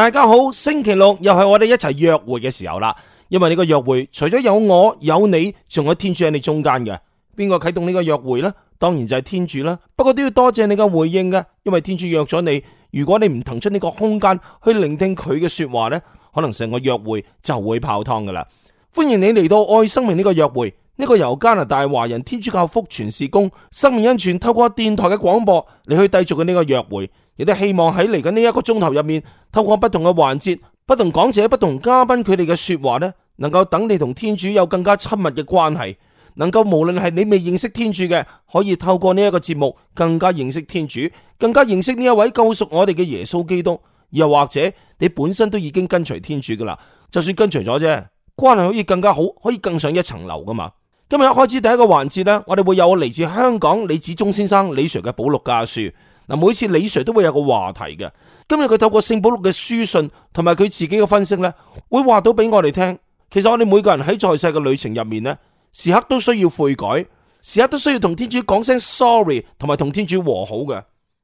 大家好，星期六又係我哋一齊約會嘅時候啦。因為呢個約會除咗有我有你，仲有天主喺你中間嘅。邊個啟動呢個約會呢？當然就係天主啦。不過都要多謝你嘅回應嘅，因為天主約咗你。如果你唔騰出呢個空間去聆聽佢嘅說話呢，可能成個約會就會泡湯噶啦。歡迎你嚟到愛生命呢個約會。呢、這個由加拿大華人天主教福傳事工生命恩泉透過電台嘅廣播嚟去繼續嘅呢個約會，亦都希望喺嚟緊呢一個鐘頭入面，透過不同嘅環節、不同講者、不同嘉賓佢哋嘅說話呢，能夠等你同天主有更加親密嘅關係，能夠無論係你未認識天主嘅，可以透過呢一個節目更加認識天主，更加認識呢一位救贖我哋嘅耶穌基督；又或者你本身都已經跟隨天主噶啦，就算跟隨咗啫，關係可以更加好，可以更上一層樓噶嘛。今日一開始第一個環節咧，我哋會有嚟自香港李子忠先生李 Sir 嘅保祿家書。嗱，每次李 Sir 都會有個話題嘅。今日佢透過聖保祿嘅書信同埋佢自己嘅分析咧，會話到俾我哋聽。其實我哋每個人喺在、在世嘅旅程入面咧，時刻都需要悔改，時刻都需要同天主講聲 sorry，同埋同天主和好嘅。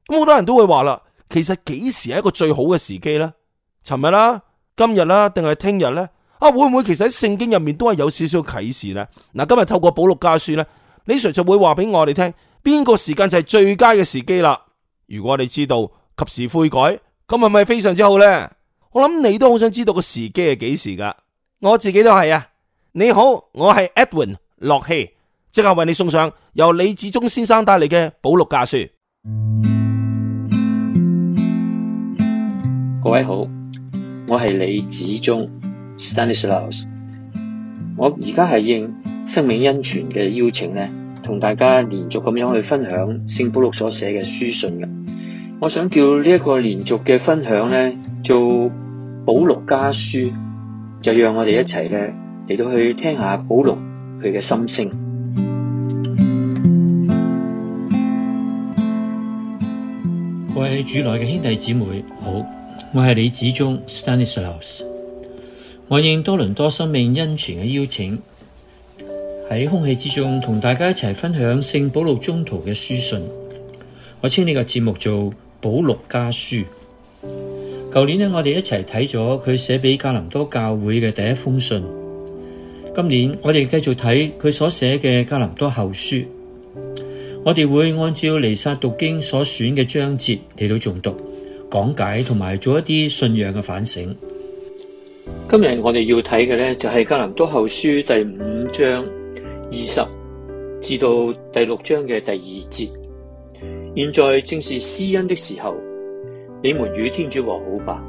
咁好多人都會話啦，其實幾時係一個最好嘅時機呢？尋日啦，今日啦，定係聽日呢？啊，會唔會其實喺聖經入面都係有少少啟示呢？嗱，今日透過《保祿家書》呢，李 Sir 就會話俾我哋聽邊個時間就係最佳嘅時機啦。如果你知道及時悔改，咁係咪非常之好呢？我諗你都好想知道個時機係幾時噶？我自己都係啊。你好，我係 Edwin 洛希，即刻為你送上由李子忠先生帶嚟嘅《保祿家書》。各位好，我係李子忠。Stanislaus，我而家係應生命恩泉嘅邀請咧，同大家連續咁樣去分享聖保禄所寫嘅書信嘅。我想叫呢一個連續嘅分享咧，做保禄家書，就讓我哋一齊咧，嚟到去聽下保禄佢嘅心聲。我係主內嘅兄弟姊妹。好，我係李子忠 Stanislaus。我應多倫多生命恩泉嘅邀請，喺空氣之中同大家一齊分享聖保禄中途嘅書信。我稱呢個節目做《保禄家書》。舊年呢，我哋一齊睇咗佢寫畀加林多教會嘅第一封信。今年我哋繼續睇佢所寫嘅加林多後書。我哋會按照彌撒讀經所選嘅章節嚟到誦讀、講解同埋做一啲信仰嘅反省。今日我哋要睇嘅咧，就係《格林多後書》第五章二十至到第六章嘅第二節。現在正是施恩的時候，你們與天主和好吧。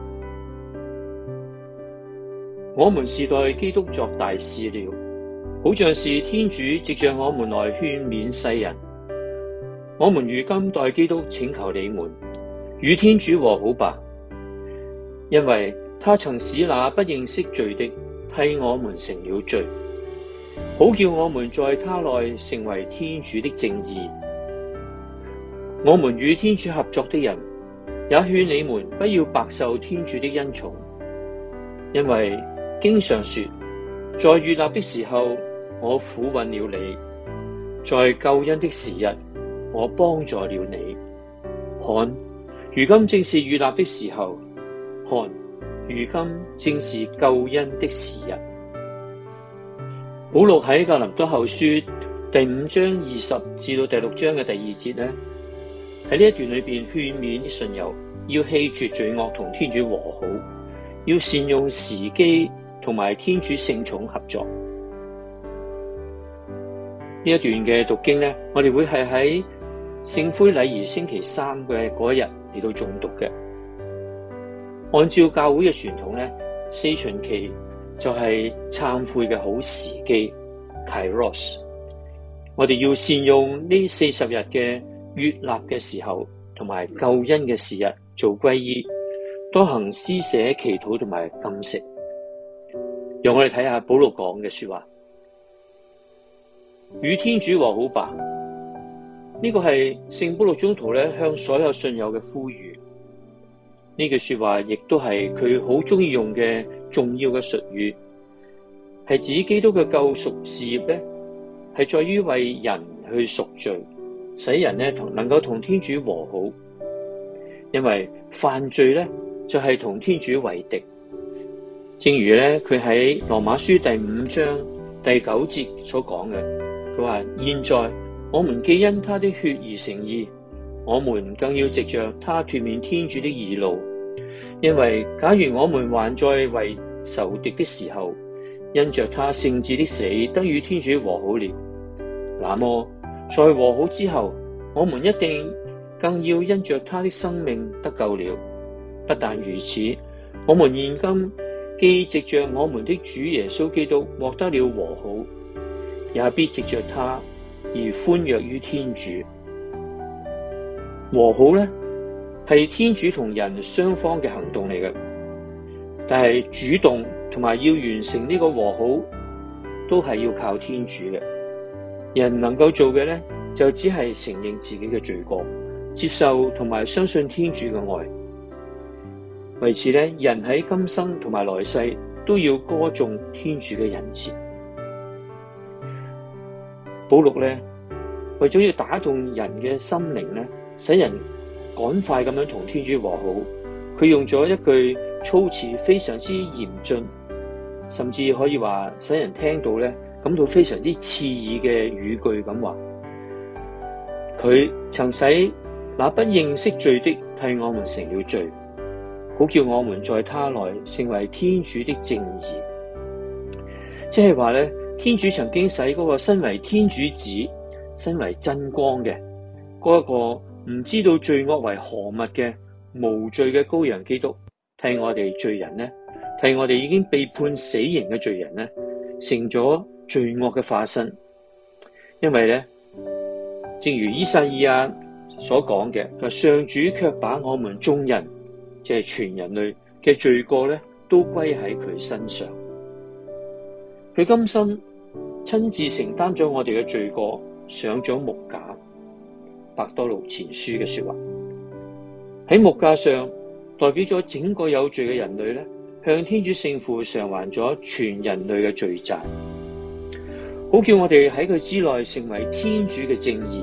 我們是代基督作大事了，好像是天主藉着我們來勸勉世人。我們如今代基督請求你們與天主和好吧，因為。他曾使那不認識罪的替我們成了罪，好叫我們在他內成為天主的正義。我們與天主合作的人，也勸你們不要白受天主的恩寵，因為經常說，在悅納的時候我俯允了你，在救恩的時日我幫助了你。看，如今正是悅納的時候。看。如今正是救恩的時日。保祿喺《格林多後書》第五章二十至到第六章嘅第二節咧，喺呢一段裏邊勸勉信友要棄絕罪惡，同天主和好，要善用時機，同埋天主聖寵合作。呢一段嘅讀經咧，我哋會係喺聖灰禮儀星期三嘅嗰一日嚟到誦讀嘅。按照教會嘅傳統咧，四旬期就係懺悔嘅好時機。提羅斯，我哋要善用呢四十日嘅悅納嘅時候，同埋救恩嘅時日做皈依，多行施捨、祈禱同埋禁食。讓我哋睇下保祿講嘅說的話，與天主和好吧。呢、這個係聖保祿宗徒咧向所有信友嘅呼籲。呢句說話亦都係佢好中意用嘅重要嘅術語，係指基督嘅救贖事業咧，係在於為人去贖罪，使人呢同能夠同天主和好。因為犯罪咧就係同天主為敵。正如咧佢喺羅馬書第五章第九節所講嘅，佢話：現在我們既因他的血而成義，我們更要藉着他脫免天主的義怒。因為假如我們還在為仇敵的時候，因着他聖子的死得與天主和好了，那麼在和好之後，我們一定更要因着他的生命得救了。不但如此，我們現今既藉着我們的主耶穌基督獲得了和好，也必藉着他而歡躍於天主。和好呢？係天主同人雙方嘅行動嚟嘅，但係主動同埋要完成呢個和好，都係要靠天主嘅。人能夠做嘅咧，就只係承認自己嘅罪過，接受同埋相信天主嘅愛。為此咧，人喺今生同埋來世都要歌頌天主嘅仁慈。保祿咧，為咗要打動人嘅心靈咧，使人。趕快咁樣同天主和好，佢用咗一句措辭，非常之嚴峻，甚至可以話使人聽到咧感到非常之刺耳嘅語句咁話。佢曾使那不認識罪的替我們成了罪，好叫我們在他內成為天主的正義。即係話咧，天主曾經使嗰個身為天主子、身為真光嘅嗰一個。唔知道罪惡為何物嘅無罪嘅羔羊基督，替我哋罪人呢，替我哋已經被判死刑嘅罪人呢，成咗罪惡嘅化身，因為呢，正如依撒意亞所講嘅，佢話上主卻把我們眾人，即係全人類嘅罪過咧都歸喺佢身上。佢甘心親自承擔咗我哋嘅罪過，上咗木架。《伯多祿前書》嘅說話，喺木架上代表咗整個有罪嘅人類咧，向天主聖父償還咗全人類嘅罪債，好叫我哋喺佢之內成為天主嘅正義。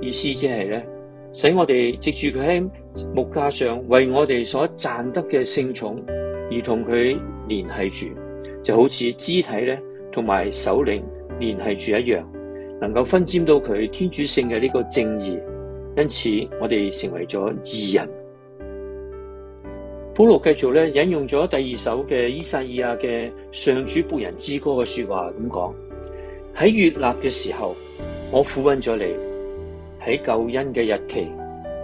意思即係咧，使我哋藉住佢喺木架上為我哋所賺得嘅聖寵而同佢聯繫住，就好似肢體咧同埋首領聯繫住一樣。能夠分沾到佢天主性嘅呢個正義，因此我哋成為咗義人。保羅繼續咧引用咗第二首嘅依撒意亞嘅上主僕人之歌嘅說話咁講：喺悅納嘅時候，我俯允咗你；喺救恩嘅日期，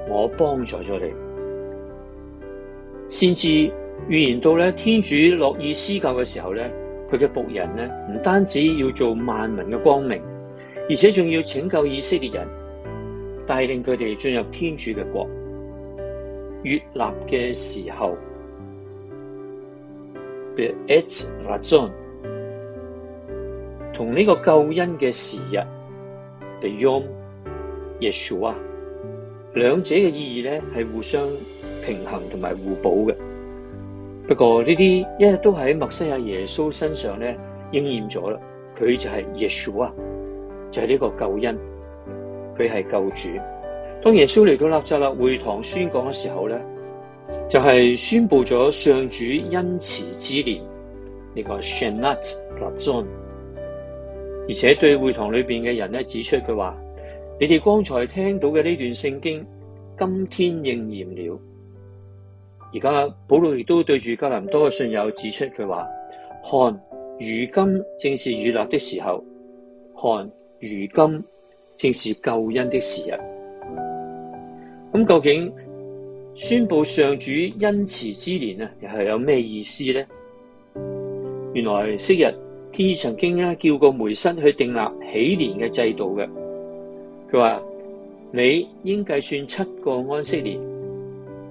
我幫助咗你。先至預言到咧，天主樂意施救嘅時候咧，佢嘅僕人咧唔單止要做萬民嘅光明。而且仲要拯救以色列人，帶領佢哋進入天主嘅國。越立嘅時候，同呢個救恩嘅時日，比如兩者嘅意義咧係互相平衡同埋互補嘅。不過呢啲一日都喺默西亞耶穌身上咧應驗咗啦，佢就係耶穌啊！就係、是、呢個救恩，佢係救主。當耶穌嚟到納匝勒會堂宣講嘅時候咧，就係、是、宣布咗上主恩慈之年呢、這個 Shenat l a z o n 而且對會堂裏邊嘅人咧指出佢話：，你哋剛才聽到嘅呢段聖經，今天應驗了。而家保禄亦都對住格林多嘅信友指出佢話：，看，如今正是悦納的時候，看。如今正是救恩的時日。咁究竟宣布上主恩慈之年啊，又係有咩意思呢？原來昔日天主曾經啊叫過梅瑟去訂立禧年嘅制度嘅。佢話你應計算七個安息年，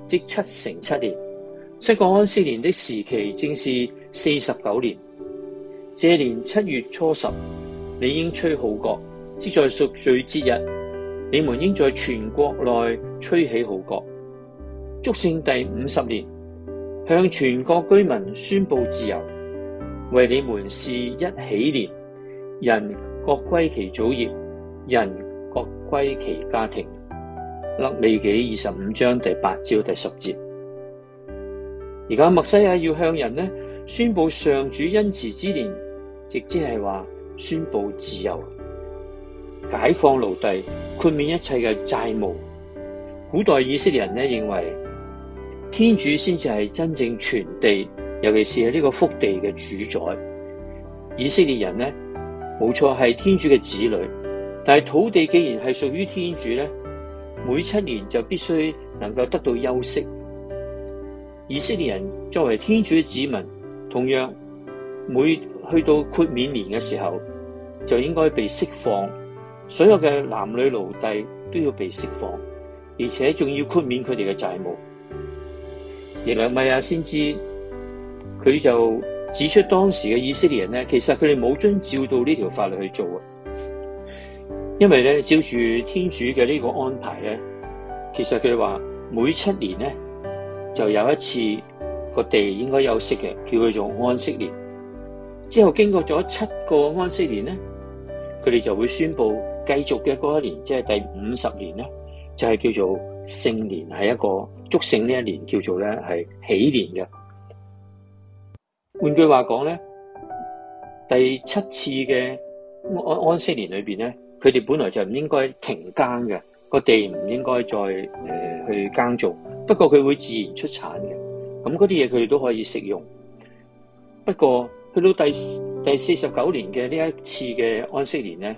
即七乘七年。七個安息年的時期正是四十九年。這年七月初十。你應吹號角，即在贖罪之日，你們應在全國內吹起號角，祝聖第五十年，向全國居民宣布自由，為你們是一禧年，人各歸其祖業，人各歸其家庭。肋未紀二十五章第八至第十節。而家默西亞要向人哋宣布上主恩慈之年，亦即係話。宣布自由，解放奴隸，豁免一切嘅債務。古代以色列人咧認為，天主先至係真正全地，尤其是係呢個福地嘅主宰。以色列人呢，冇錯係天主嘅子女，但係土地既然係屬於天主咧，每七年就必須能夠得到休息。以色列人作為天主嘅子民，同樣每去到豁免年嘅時候。就應該被釋放，所有嘅男女奴隸都要被釋放，而且仲要豁免佢哋嘅債務。耶肋米亞先知佢就指出當時嘅以色列人咧，其實佢哋冇遵照到呢條法律去做啊。因為咧，照住天主嘅呢個安排咧，其實佢話每七年咧就有一次個地應該休息嘅，叫佢做安息年。之後經過咗七個安息年咧，佢哋就會宣佈繼續嘅嗰一年，即係第五十年咧，就係叫做聖年，係一個祝聖呢一年叫做咧係禧年嘅。換句話講咧，第七次嘅安安息年裏邊咧，佢哋本來就唔應該停耕嘅個地不該，唔應該再誒去耕種。不過佢會自然出產嘅。咁嗰啲嘢佢哋都可以食用，不過。去到第第四十九年嘅呢一次嘅安息年咧，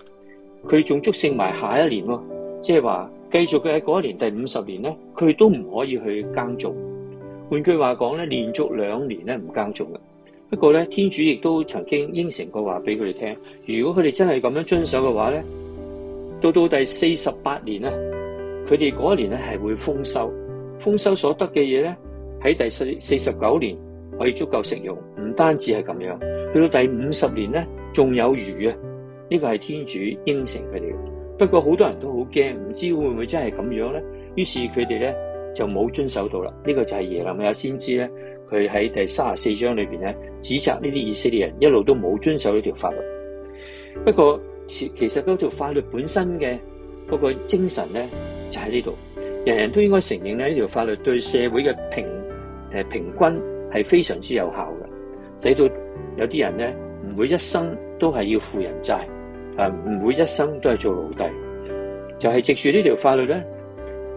佢仲祝聖埋下一年咯，即係話繼續嘅嗰一年第五十年咧，佢都唔可以去耕種。換句話講咧，連續兩年咧唔耕種嘅。不過咧，天主亦都曾經應承過話俾佢哋聽，如果佢哋真係咁樣遵守嘅話咧，到到第四十八年咧，佢哋嗰一年咧係會豐收，豐收所得嘅嘢咧喺第四四十九年，可以足夠食用，唔單止係咁樣，去到第五十年咧，仲有餘啊！呢、這個係天主應承佢哋。不過好多人都好驚，唔知道會唔會真係咁樣咧？於是佢哋咧就冇遵守到啦。呢、這個就係耶肋米亞先知咧，佢喺第三十四章裏邊咧指責呢啲以色列人一路都冇遵守呢條法律。不過其實嗰條法律本身嘅嗰、那個精神咧就喺呢度，人人都應該承認咧呢條法律對社會嘅平誒平均。係非常之有效嘅，使到有啲人咧唔會一生都係要負人債，啊唔會一生都係做奴隸。就係藉住呢條法律咧，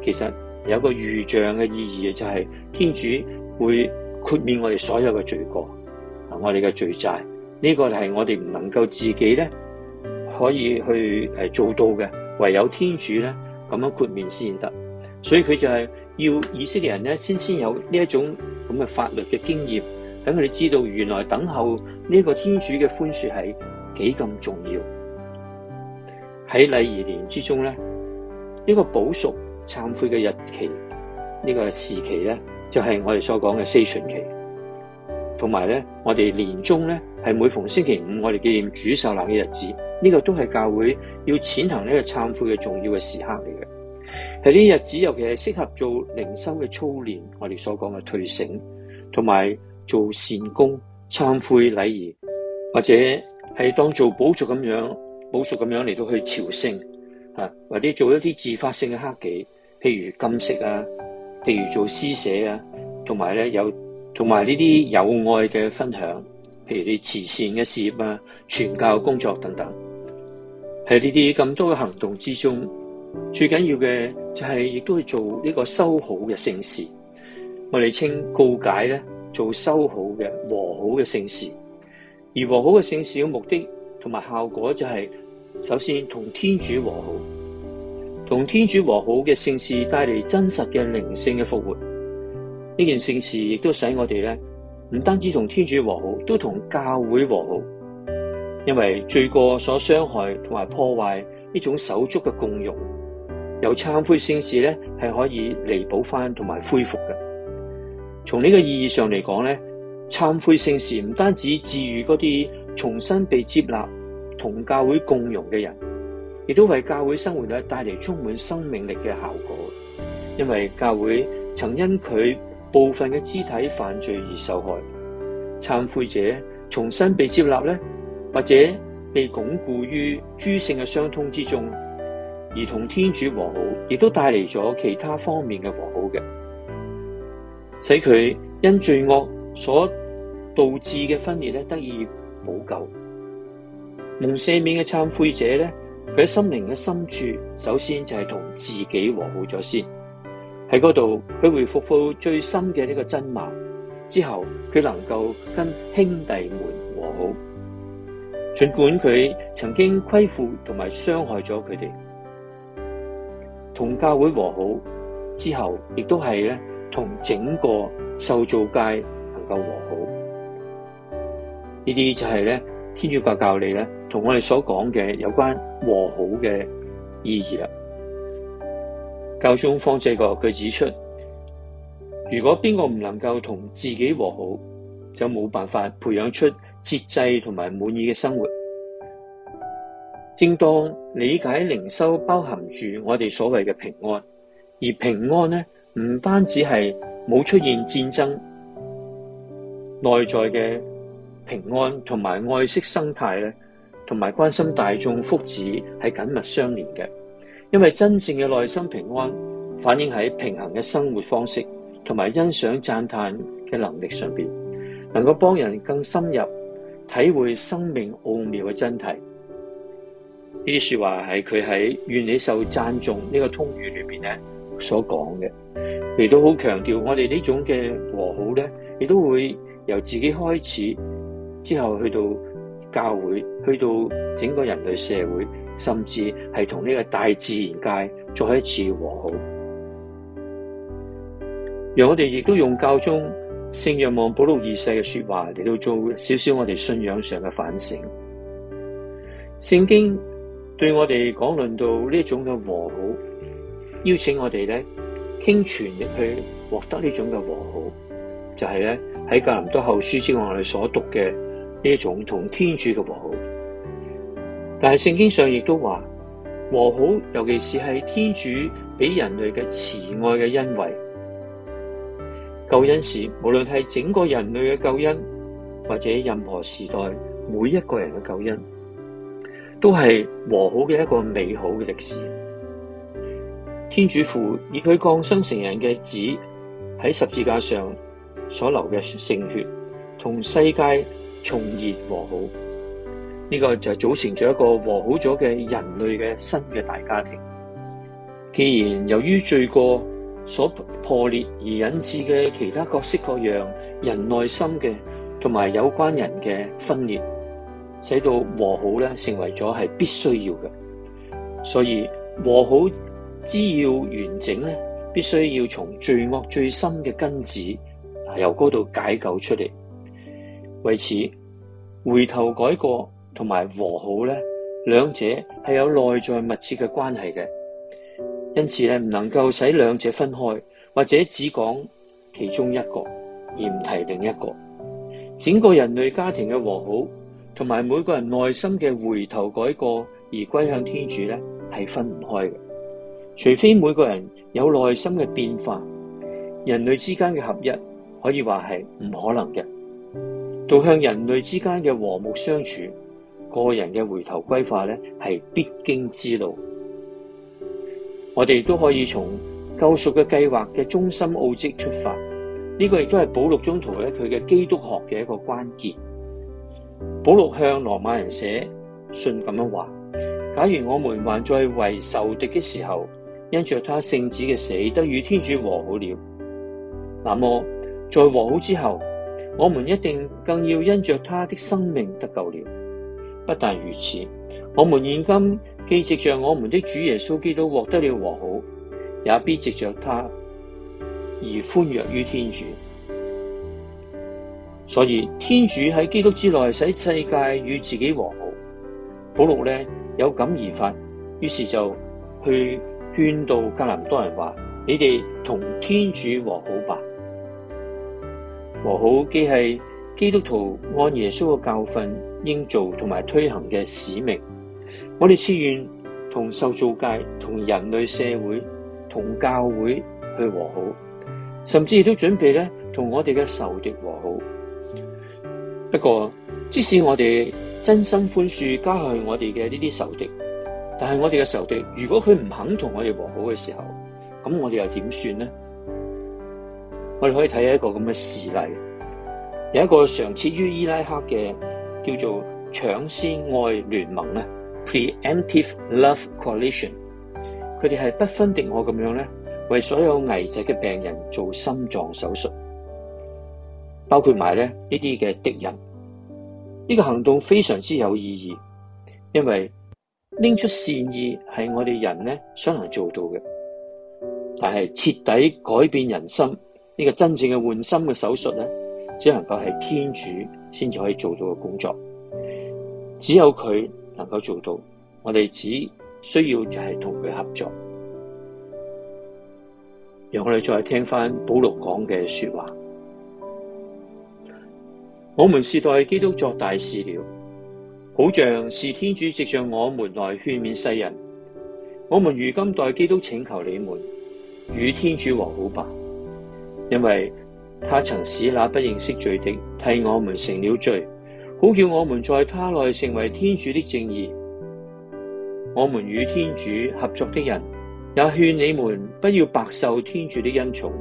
其實有個預像嘅意義就係、是、天主會豁免我哋所有嘅罪過，啊我哋嘅罪債呢、這個係我哋唔能夠自己咧可以去誒做到嘅，唯有天主咧咁樣豁免先得，所以佢就係、是。要以色列人咧，先先有呢一種咁嘅法律嘅經驗，等佢哋知道原來等候呢個天主嘅寬恕係幾咁重要。喺禮儀年之中咧，呢個補贖懺悔嘅日期，呢個時期咧，就係我哋所講嘅四旬期。同埋咧，我哋年終咧係每逢星期五，我哋紀念主受難嘅日子，呢個都係教會要踐行呢個懺悔嘅重要嘅時刻嚟嘅。喺呢啲日子，尤其係適合做靈修嘅操練，我哋所講嘅退省，同埋做善功、懺悔、禮儀，或者係當做補贖咁樣，補贖咁樣嚟到去朝聖，啊，或者做一啲自發性嘅黑記，譬如禁食啊，譬如做施捨啊，同埋咧有同埋呢啲有,有,有愛嘅分享，譬如你慈善嘅事業啊、傳教嘅工作等等，喺呢啲咁多嘅行動之中。最緊要嘅就係，亦都係做呢個修好嘅聖事，我哋稱告解咧做修好嘅和好嘅聖事。而和好嘅聖事嘅目的同埋效果就係，首先同天主和好，同天主和好嘅聖事帶嚟真實嘅靈性嘅復活。呢件聖事亦都使我哋咧唔單止同天主和好，都同教會和好，因為罪過所傷害同埋破壞呢種手足嘅共融。有懺悔聖事咧，係可以彌補翻同埋恢復嘅。從呢個意義上嚟講咧，懺悔聖事唔單止治癒嗰啲重新被接納同教會共融嘅人，亦都為教會生活咧帶嚟充滿生命力嘅效果。因為教會曾因佢部分嘅肢體犯罪而受害，懺悔者重新被接納咧，或者被鞏固於諸聖嘅相通之中。而同天主和好，亦都帶嚟咗其他方面嘅和好嘅，使佢因罪惡所導致嘅分裂咧得以補救。蒙赦免嘅懺悔者咧，佢喺心靈嘅深處，首先就係同自己和好咗先喺嗰度，佢會復復最深嘅呢個真貌之後，佢能夠跟兄弟們和好，儘管佢曾經虧負同埋傷害咗佢哋。同教會和好之後，亦都係咧同整個受造界能夠和好。呢啲就係咧天主教教理咧，同我哋所講嘅有關和好嘅意義啦。教宗方濟各佢指出，如果邊個唔能夠同自己和好，就冇辦法培養出節制同埋滿意嘅生活。正當理解靈修包含住我哋所謂嘅平安，而平安咧唔單止係冇出現戰爭，內在嘅平安同埋愛惜生態咧，同埋關心大眾福祉係緊密相連嘅。因為真正嘅內心平安，反映喺平衡嘅生活方式同埋欣賞讚嘆嘅能力上面，能夠幫人更深入體會生命奧妙嘅真諦。呢啲說話係佢喺願你受讚頌呢個通諭裏邊咧所講嘅，亦都好強調我哋呢種嘅和好咧，亦都會由自己開始，之後去到教會，去到整個人類社會，甚至係同呢個大自然界再一次和好，而我哋亦都用教宗聖若望保禄二世嘅說話嚟到做少少我哋信仰上嘅反省，聖經。對我哋講論到呢種嘅和好，邀請我哋咧傾全力去獲得呢種嘅和好，就係咧喺《格林多後書》之外，我哋所讀嘅呢種同天主嘅和好。但係聖經上亦都話，和好尤其是係天主俾人類嘅慈愛嘅恩惠，救恩史無論係整個人類嘅救恩，或者任何時代每一個人嘅救恩。都係和好嘅一個美好嘅歷史。天主父以佢降生成人嘅子喺十字架上所流嘅聖血，同世界重新和好。呢、這個就係組成咗一個和好咗嘅人類嘅新嘅大家庭。既然由於罪過所破裂而引致嘅其他各式各樣人內心嘅同埋有關人嘅分裂，使到和好咧，成為咗係必須要嘅。所以和好之要完整咧，必須要從罪惡最深嘅根子啊，由嗰度解救出嚟。為此，回頭改過同埋和好咧，兩者係有內在密切嘅關係嘅。因此咧，唔能夠使兩者分開，或者只講其中一個而唔提另一個。整個人類家庭嘅和好。同埋每個人內心嘅回頭改過而歸向天主咧，係分唔開嘅。除非每個人有內心嘅變化，人類之間嘅合一可以話係唔可能嘅。導向人類之間嘅和睦相處，個人嘅回頭歸化咧，係必經之路。我哋都可以從救贖嘅計劃嘅中心奧蹟出發，呢、這個亦都係保祿宗徒咧佢嘅基督學嘅一個關鍵。保祿向羅馬人寫信咁樣話：假如我們還在為仇敵嘅時候，因着他聖子嘅死得與天主和好了，那麼在和好之後，我們一定更要因着他的生命得救了。不但如此，我們現今既藉着我們的主耶穌基督獲得了和好，也必藉着他而歡躍於天主。所以天主喺基督之內使世界與自己和好。保禄咧有感而發，於是就去勸導格林多人話：你哋同天主和好吧。和好既係基督徒按耶穌嘅教訓應做同埋推行嘅使命。我哋志願同受造界、同人類社會、同教會去和好，甚至亦都準備咧同我哋嘅仇敵和好。不過，即使我哋真心寬恕，加去我哋嘅呢啲仇敵，但係我哋嘅仇敵，如果佢唔肯同我哋和好嘅時候，咁我哋又點算呢？我哋可以睇下一個咁嘅事例，有一個常設於伊拉克嘅叫做“搶先愛聯盟”啊 （Preemptive Love Coalition），佢哋係不分敵我咁樣咧，為所有危疾嘅病人做心臟手術，包括埋咧呢啲嘅敵人。呢個行動非常之有意義，因為拎出善意係我哋人咧想能做到嘅，但係徹底改變人心，呢個真正嘅換心嘅手術咧，只能夠係天主先至可以做到嘅工作，只有佢能夠做到，我哋只需要就係同佢合作。讓我哋再聽翻保羅講嘅說話。我們是代基督作大事了，好像是天主藉着我們來勸勉世人。我們如今代基督請求你們與天主和好吧，因為他曾使那不認識罪的替我們成了罪，好叫我們在他內成為天主的正義。我們與天主合作的人，也勸你們不要白受天主的恩寵，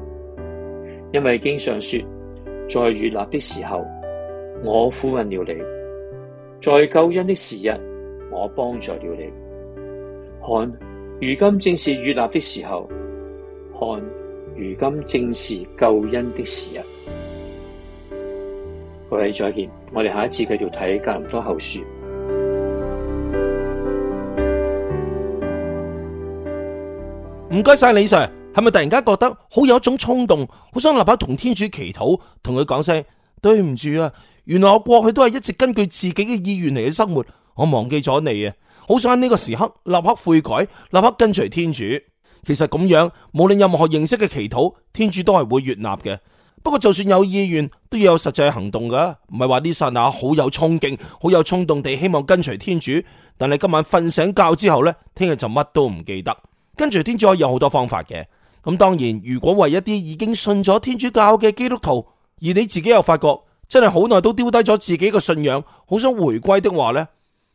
因為經上說，在悅納的時候。我呼慰了你，在救恩的時日，我幫助了你。看，如今正是悅納的時候；看，如今正是救恩的時日。各位再見，我哋下一次繼續睇《格林多後書》謝謝。唔該晒，李 Sir，係咪突然間覺得好有一種衝動，好想立刻同天主祈禱，同佢講聲對唔住啊？原來我過去都係一直根據自己嘅意願嚟嘅生活，我忘記咗你啊！好想喺呢個時刻立刻悔改，立刻跟隨天主。其實咁樣，無論任何形式嘅祈禱，天主都係會悅納嘅。不過就算有意願，都要有實際行動噶，唔係話呢剎那好有衝勁、好有衝動地希望跟隨天主，但係今晚瞓醒覺之後呢，聽日就乜都唔記得。跟隨天主可以有好多方法嘅。咁當然，如果為一啲已經信咗天主教嘅基督徒，而你自己又發覺。真係好耐都丟低咗自己嘅信仰，好想回歸的話呢，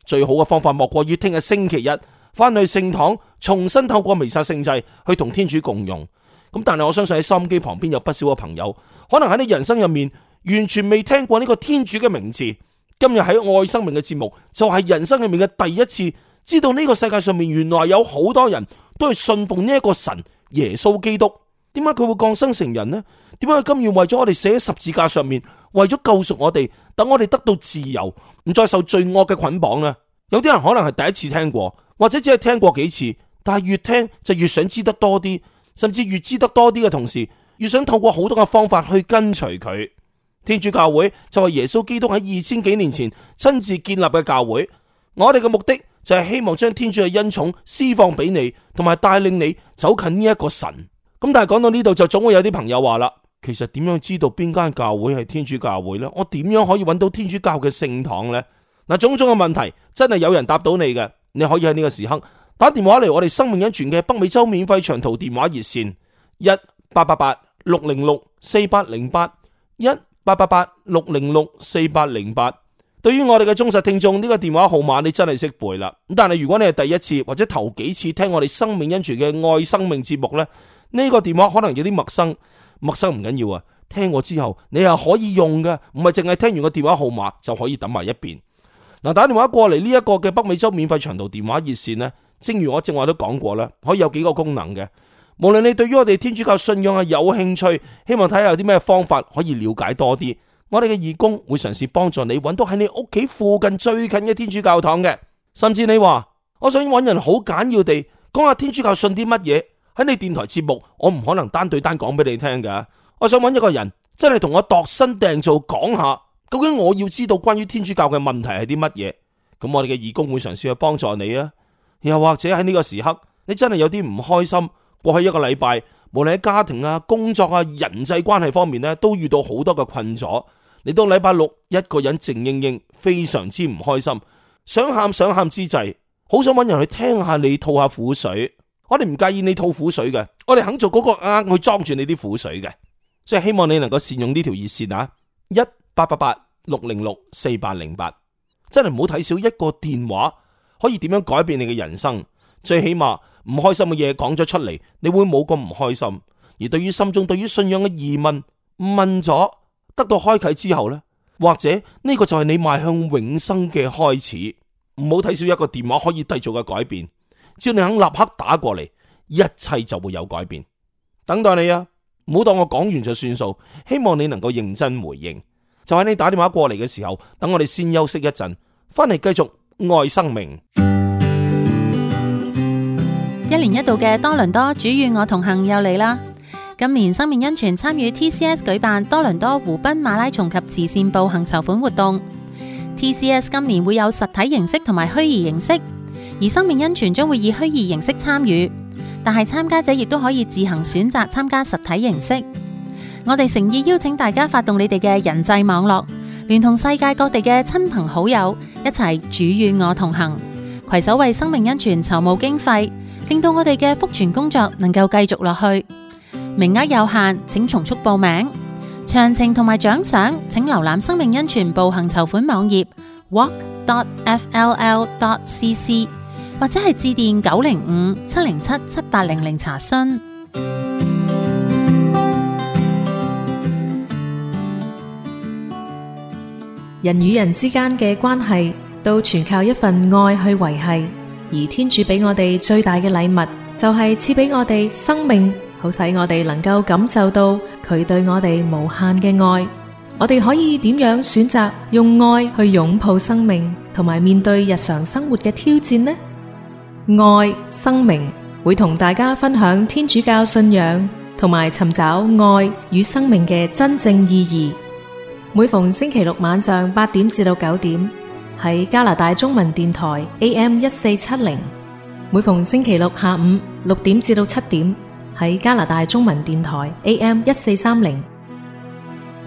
最好嘅方法莫過於聽日星期日翻去聖堂，重新透過彌撒聖祭去同天主共融。咁但係我相信喺收音機旁邊有不少嘅朋友，可能喺你人生入面完全未聽過呢個天主嘅名字。今日喺愛生命嘅節目就係人生入面嘅第一次，知道呢個世界上面原來有好多人都係信奉呢一個神耶穌基督。點解佢會降生成人呢？點解佢甘願為咗我哋死喺十字架上面，為咗救贖我哋，等我哋得到自由，唔再受罪惡嘅捆綁呢？有啲人可能係第一次聽過，或者只係聽過幾次，但係越聽就越想知得多啲，甚至越知得多啲嘅同時，越想透過好多嘅方法去跟隨佢。天主教會就係耶穌基督喺二千幾年前親自建立嘅教會。我哋嘅目的就係希望將天主嘅恩寵施放俾你，同埋帶領你走近呢一個神。咁但係講到呢度就總會有啲朋友話啦，其實點樣知道邊間教會係天主教會呢？我點樣可以揾到天主教嘅聖堂呢？嗱，種種嘅問題真係有人答到你嘅，你可以喺呢個時刻打電話嚟我哋生命恩傳嘅北美洲免費長途電話熱線一八八八六零六四八零八一八八八六零六四八零八。對於我哋嘅忠實聽眾，呢個電話號碼你真係識背啦。咁但係如果你係第一次或者頭幾次聽我哋生命恩傳嘅愛生命節目呢？呢個電話可能有啲陌生，陌生唔緊要啊。聽過之後，你係可以用嘅，唔係淨係聽完個電話號碼就可以等埋一邊。嗱，打電話過嚟呢一個嘅北美洲免費長途電話熱線呢，正如我正話都講過啦，可以有幾個功能嘅。無論你對於我哋天主教信仰係有興趣，希望睇下有啲咩方法可以了解多啲，我哋嘅義工會嘗試幫助你搵到喺你屋企附近最近嘅天主教堂嘅。甚至你話我想揾人好簡要地講下天主教信啲乜嘢。喺你電台節目，我唔可能單對單講俾你聽㗎。我想揾一個人，真係同我度身訂造講下，究竟我要知道關於天主教嘅問題係啲乜嘢。咁我哋嘅義工會嘗試去幫助你啊。又或者喺呢個時刻，你真係有啲唔開心，過去一個禮拜，無論喺家庭啊、工作啊、人際關係方面呢，都遇到好多嘅困阻。你到禮拜六一個人靜應應，非常之唔開心，想喊想喊之際，好想揾人去聽下你吐下苦水。我哋唔介意你吐苦水嘅，我哋肯做嗰個呃去裝住你啲苦水嘅，所以希望你能夠善用呢條熱線啊，一八八八六零六四八零八，真係唔好睇少一個電話可以點樣改變你嘅人生。最起碼唔開心嘅嘢講咗出嚟，你會冇咁唔開心，而對於心中對於信仰嘅疑問問咗，得到開啟之後咧，或者呢個就係你邁向永生嘅開始。唔好睇少一個電話可以締造嘅改變。只要你肯立刻打過嚟，一切就會有改變。等待你啊，唔好當我講完就算數。希望你能夠認真回應。就喺你打電話過嚟嘅時候，等我哋先休息一陣，翻嚟繼續愛生命。一年一度嘅多倫多主與我同行又嚟啦！今年生命恩泉參與 TCS 舉辦多倫多湖濱馬拉松及慈善步行籌款活動。TCS 今年會有實體形式同埋虛擬形式。而生命恩泉將會以虛擬形式參與，但係參加者亦都可以自行選擇參加實體形式。我哋誠意邀請大家發動你哋嘅人際網絡，聯同世界各地嘅親朋好友一齊主與我同行，攜手為生命恩泉籌募經費，令到我哋嘅福傳工作能夠繼續落去。名額有限，請從速報名。詳情同埋獎賞，請瀏覽生命恩泉步行籌款網頁 walk.fll.cc。或者係致電九零五七零七七八零零查詢。人與人之間嘅關係，都全靠一份愛去維繫。而天主俾我哋最大嘅禮物，就係賜俾我哋生命，好使我哋能夠感受到佢對我哋無限嘅愛。我哋可以點樣選擇用愛去擁抱生命，同埋面對日常生活嘅挑戰呢？愛生命會同大家分享天主教信仰同埋尋找愛與生命嘅真正意義。每逢星期六晚上八點至到九點喺加拿大中文電台 AM 一四七零；每逢星期六下午六點至到七點喺加拿大中文電台 AM 一四三零。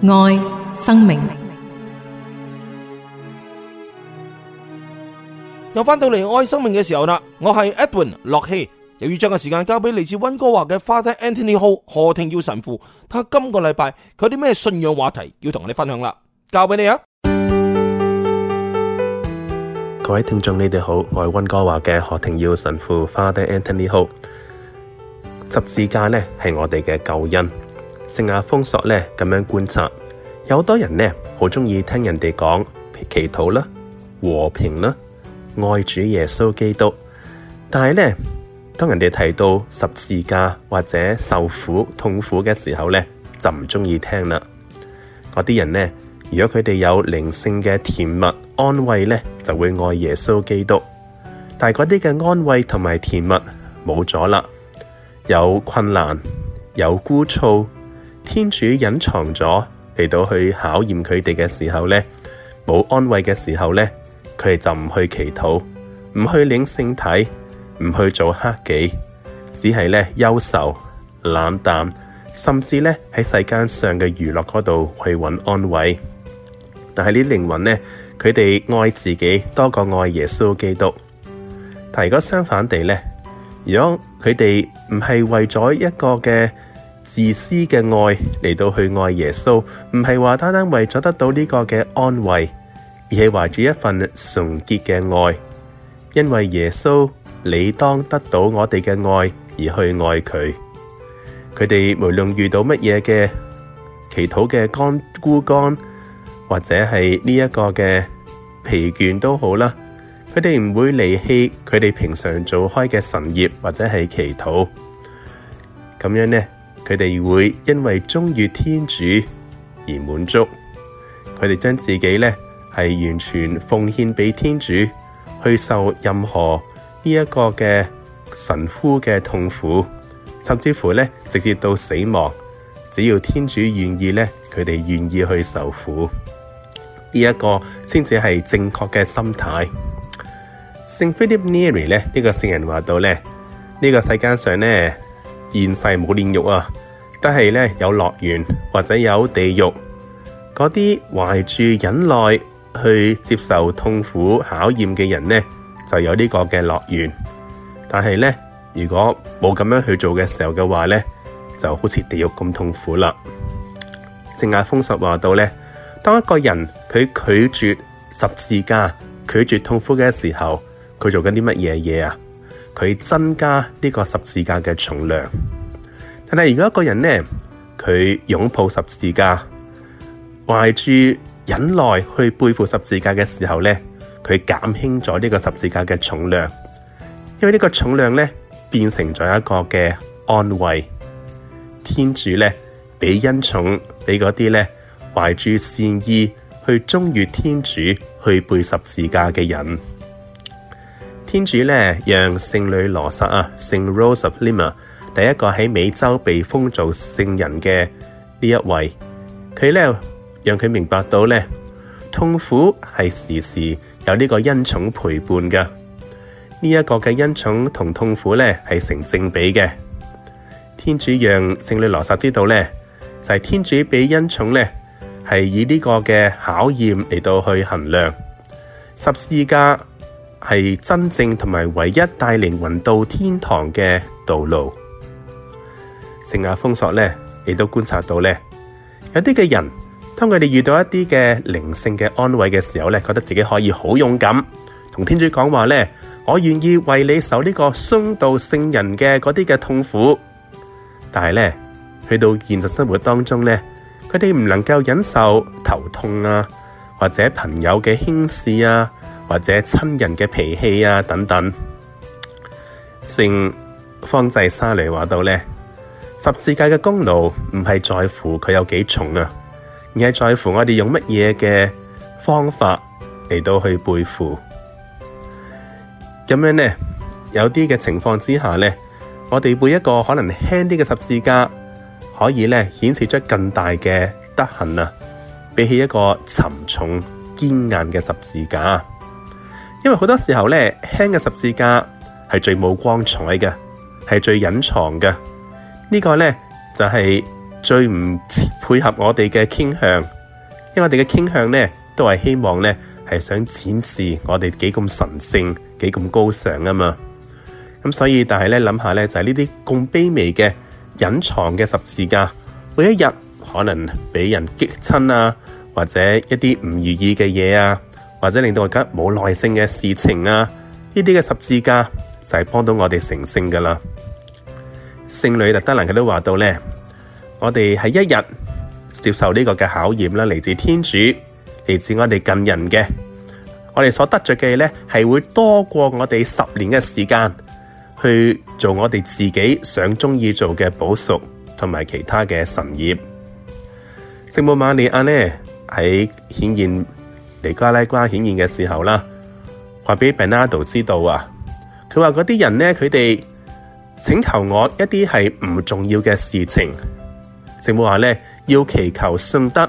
愛生命。又返到嚟愛生命嘅時候啦。我係 Edwin 洛希，由於將個時間交俾嚟自溫哥華嘅 Father Anthony Ho 何庭耀神父，睇下，今個禮拜佢有啲咩信仰話題要同我哋分享啦，交俾你啊！各位聽眾，你哋好，我係溫哥華嘅何庭耀神父，Father Anthony Ho。執事間呢係我哋嘅救恩。聖亞風索呢咁樣觀察，有好多人呢好中意聽人哋講祈禱啦、和平啦。愛主耶穌基督，但係咧，當人哋提到十字架或者受苦痛苦嘅時候咧，就唔中意聽啦。嗰啲人咧，如果佢哋有靈性嘅甜蜜安慰咧，就會愛耶穌基督。但係嗰啲嘅安慰同埋甜蜜冇咗啦，有困難，有枯燥，天主隱藏咗嚟到去考驗佢哋嘅時候咧，冇安慰嘅時候咧。佢哋就唔去祈禱，唔去領聖體，唔去做克己，只係咧憂愁、冷淡，甚至咧喺世間上嘅娛樂嗰度去搵安慰。但係呢靈魂咧，佢哋愛自己多過愛耶穌基督。但係如果相反地咧，如果佢哋唔係為咗一個嘅自私嘅愛嚟到去愛耶穌，唔係話單單為咗得到呢個嘅安慰。而係懷住一份純潔嘅愛，因為耶穌，理當得到我哋嘅愛而去愛佢。佢哋無論遇到乜嘢嘅祈禱嘅乾枯乾，或者係呢一個嘅疲倦都好啦，佢哋唔會離棄佢哋平常做開嘅神業或者係祈禱。咁樣呢，佢哋會因為忠於天主而滿足。佢哋將自己咧。係完全奉獻俾天主去受任何呢一個嘅神夫嘅痛苦，甚至乎呢直接到死亡，只要天主願意呢，佢哋願意去受苦，呢、這、一個先至係正確嘅心態。聖斐理伯內利呢呢、這個聖人話到呢，呢、這個世界上呢現世冇煉獄啊，都係呢有樂園或者有地獄，嗰啲懷住忍耐。去接受痛苦考驗嘅人呢，就有呢個嘅樂園。但係呢，如果冇咁樣去做嘅時候嘅話呢，就好似地獄咁痛苦啦。聖亞風實話到呢，當一個人佢拒絕十字架、拒絕痛苦嘅時候，佢做緊啲乜嘢嘢啊？佢增加呢個十字架嘅重量。但係如果一個人呢，佢擁抱十字架，懷住。忍耐去背負十字架的時候咧，佢減輕了這個十字架的重量，因為這個重量咧變成了一個嘅安慰。天主咧俾恩寵俾嗰啲咧懷住善意去忠於天主去背十字架的人，天主咧讓聖女羅莎啊，聖 Rose of Lima，第一個在美洲被封做聖人的這一位，他咧。讓佢明白到呢，痛苦是時時有呢個恩寵陪伴㗎。呢一個嘅恩寵同痛苦呢，是成正比嘅。天主讓聖女羅薩知道呢，就是天主畀恩寵呢，是以呢個嘅考驗嚟到去衡量。十字架是真正同埋唯一帶靈魂到天堂嘅道路。聖亞封索呢，亦都觀察到呢，有啲嘅人。當佢哋遇到一啲嘅靈性嘅安慰嘅時候咧，覺得自己可以好勇敢，同天主講話咧，我願意為你受呢個殉道聖人嘅嗰啲嘅痛苦。但係咧，去到現實生活當中咧，佢哋唔能夠忍受頭痛啊，或者朋友嘅輕視啊，或者親人嘅脾氣啊等等。聖方濟沙雷話到咧，十字架嘅功勞唔係在乎佢有幾重啊。而係在乎我哋用乜嘢嘅方法嚟到去背負，咁樣咧，有啲嘅情況之下咧，我哋背一個可能輕啲嘅十字架，可以咧顯示出更大嘅德行啊！比起一個沉重堅硬嘅十字架，因為好多時候咧，輕嘅十字架係最冇光彩嘅，係最隱藏嘅，這個、呢個咧就係、是、最唔。配合我哋嘅傾向，因為我哋嘅傾向咧都係希望咧係想展示我哋幾咁神聖幾咁高尚啊嘛。咁、嗯、所以，但係咧諗下咧就係呢啲咁卑微嘅隱藏嘅十字架，每一日可能俾人激親啊，或者一啲唔如意嘅嘢啊，或者令到我家冇耐性嘅事情啊，呢啲嘅十字架就係、是、幫到我哋成聖噶啦。聖女特德蘭佢都話到咧，我哋喺一日。接受呢個嘅考驗啦，嚟自天主，嚟自我哋近人嘅。我哋所得着嘅咧，係會多過我哋十年嘅時間去做我哋自己想鍾意做嘅補贖同埋其他嘅神業。聖母瑪利亞咧喺顯現尼加拉瓜顯現嘅時候啦，話俾 Bernardo 知道啊。佢話嗰啲人咧，佢哋請求我一啲係唔重要嘅事情。聖母話咧，要祈求信德，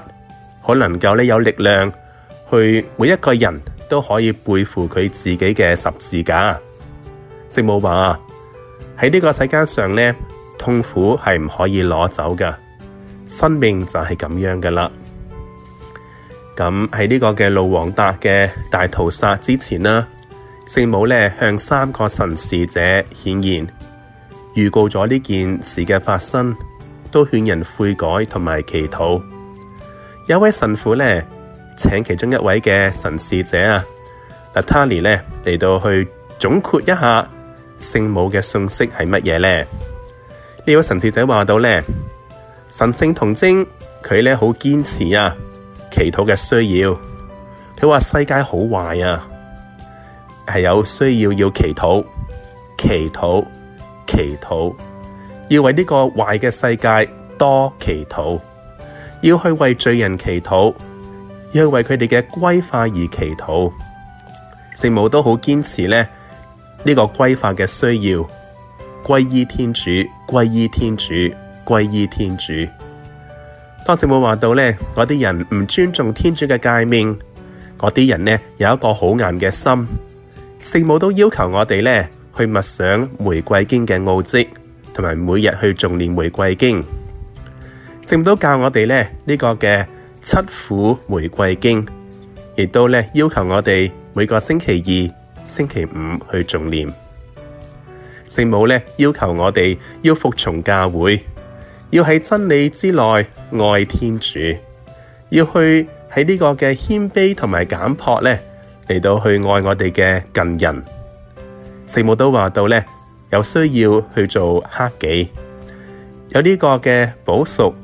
可能夠呢？有力量去每一個人都可以背負佢自己嘅十字架。聖母話喺呢個世界上呢，痛苦係唔可以攞走噶，生命就係咁樣嘅啦。咁喺呢個嘅盧旺達嘅大屠殺之前啦，聖母呢向三個神視者顯現，預告咗呢件事嘅發生。都勸人悔改同埋祈禱。有位神父咧，請其中一位嘅神事者啊，嗱，塔尼咧嚟到去總括一下聖母嘅信息係乜嘢咧？呢位神事者話到咧，神聖童貞佢咧好堅持啊，祈禱嘅需要。佢話世界好壞啊，係有需要要祈禱，祈禱，祈禱。要為呢個壞嘅世界多祈禱，要去為罪人祈禱，要去為佢哋嘅歸化而祈禱。聖母都好堅持呢呢、這個歸化嘅需要歸依天主，歸依天主，歸依天主。當聖母說到呢：「我啲人唔尊重天主嘅誡命，我啲人呢有一個好硬嘅心。聖母都要求我哋呢去默想玫瑰經嘅奧跡。同埋每日去誦念玫瑰經，聖母都教我哋咧呢個嘅七苦玫瑰經，亦都咧要求我哋每個星期二、星期五去誦念。聖母咧要求我哋要服從教會，要喺真理之內愛天主，要去喺呢個嘅謙卑同埋簡樸咧嚟到去愛我哋嘅近人。聖母都話到咧。有需要去做黑己，有呢個嘅保贖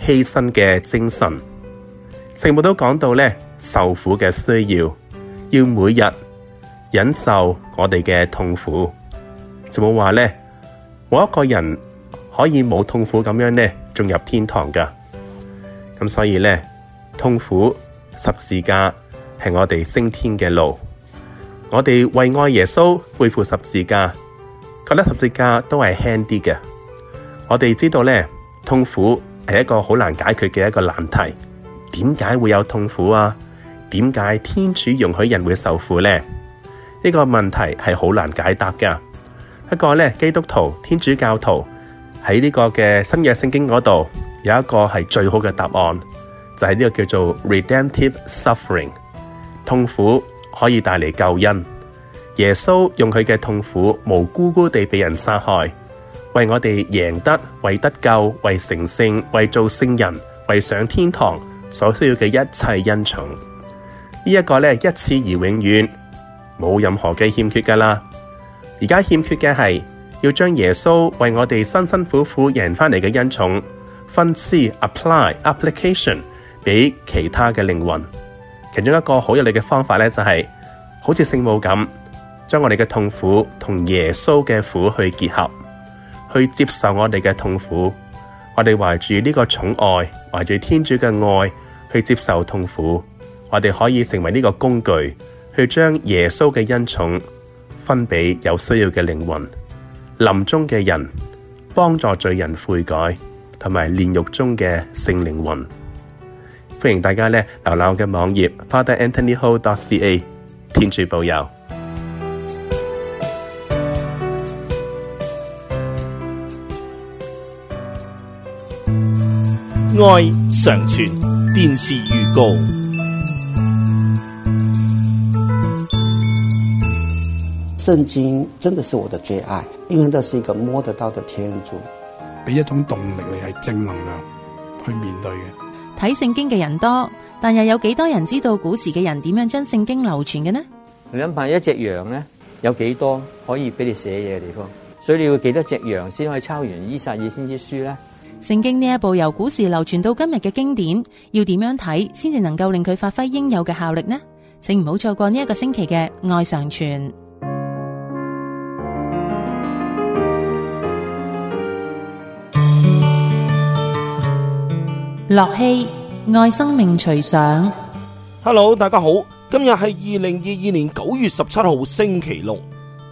犧牲嘅精神。聖母都講到咧，受苦嘅需要要每日忍受我哋嘅痛苦。聖母話咧，我一個人可以冇痛苦咁樣咧進入天堂噶。咁所以咧，痛苦十字架係我哋升天嘅路。我哋為愛耶穌背負十字架，覺得十字架都係輕啲嘅。我哋知道呢，痛苦係一個好難解決嘅一個難題。點解會有痛苦啊？點解天主容許人會受苦呢？呢個問題係好難解答㗎。不過呢，基督徒、天主教徒喺呢個嘅新約聖經嗰度有一個係最好嘅答案，就係呢個叫做 Redemptive Suffering，痛苦可以帶嚟救恩。耶穌用佢嘅痛苦，無辜辜地俾人殺害，為我哋贏得、為得救、為成聖、為做聖人、為上天堂所需要嘅一切恩寵。這個、呢一個咧，一次而永遠冇任何嘅欠缺噶啦。而家欠缺嘅係要將耶穌為我哋辛辛苦苦贏翻嚟嘅恩寵分施、apply、application 俾其他嘅靈魂。其中一個好有力嘅方法咧，就係、是、好似聖母咁，將我哋嘅痛苦同耶穌嘅苦去結合，去接受我哋嘅痛苦。我哋懷住呢個寵愛，懷住天主嘅愛，去接受痛苦。我哋可以成為呢個工具，去將耶穌嘅恩寵分俾有需要嘅靈魂、臨終嘅人、幫助罪人悔改，同埋煉獄中嘅聖靈魂。歡迎大家呢，瀏覽我嘅網頁，Father Anthony Ho dot ca。天主保佑。愛常傳電視預告。聖經真的是我的最愛，因為那是一個摸得到的天主，俾一種動力嚟，係正能量去面對嘅。睇聖經嘅人多，但又有幾多人知道古時嘅人點樣將聖經流傳嘅呢？你諗下，一隻羊咧有幾多可以俾你寫嘢嘅地方？所以你要幾多隻羊先可以抄完《伊撒爾先知書》呢咧？聖經呢一部由古時流傳到今日嘅經典，要點樣睇先至能夠令佢發揮應有嘅效力呢？請唔好錯過呢一個星期嘅愛常傳。樂器：愛生命隨想。Hello，大家好，今日係二零二二年九月十七號星期六，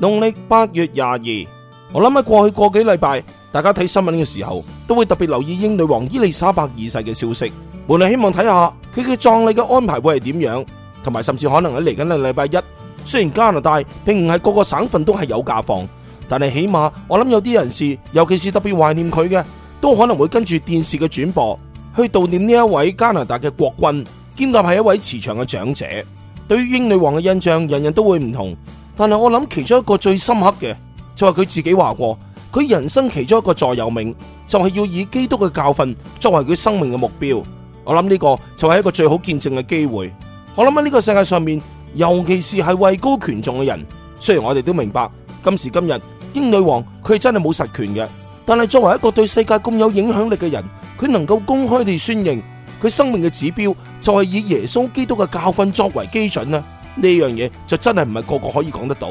農曆八月廿二。我諗喺過去過幾禮拜，大家睇新聞嘅時候，都會特別留意英女王伊麗莎白二世嘅消息。無論希望睇下佢嘅葬禮嘅安排會係點樣，同埋甚至可能喺嚟緊嘅禮拜一，雖然加拿大並唔係個個省份都係有假放，但係起碼我諗有啲人士，尤其是特別懷念佢嘅，都可能會跟住電視嘅轉播去悼念呢一位加拿大嘅國君，兼帶係一位慈祥嘅長者。對於英女王嘅印象，人人都會唔同，但係我諗其中一個最深刻嘅。就係佢自己話過，佢人生其中一個座右銘就係要以基督嘅教訓作為佢生命嘅目標。我諗呢個就係一個最好見證嘅機會。我諗喺呢個世界上面，尤其是係位高權重嘅人，雖然我哋都明白今時今日英女王佢真係冇實權嘅，但係作為一個對世界咁有影響力嘅人，佢能夠公開地宣認佢生命嘅指標就係以耶穌基督嘅教訓作為基準啦。呢樣嘢就真係唔係個個可以講得到。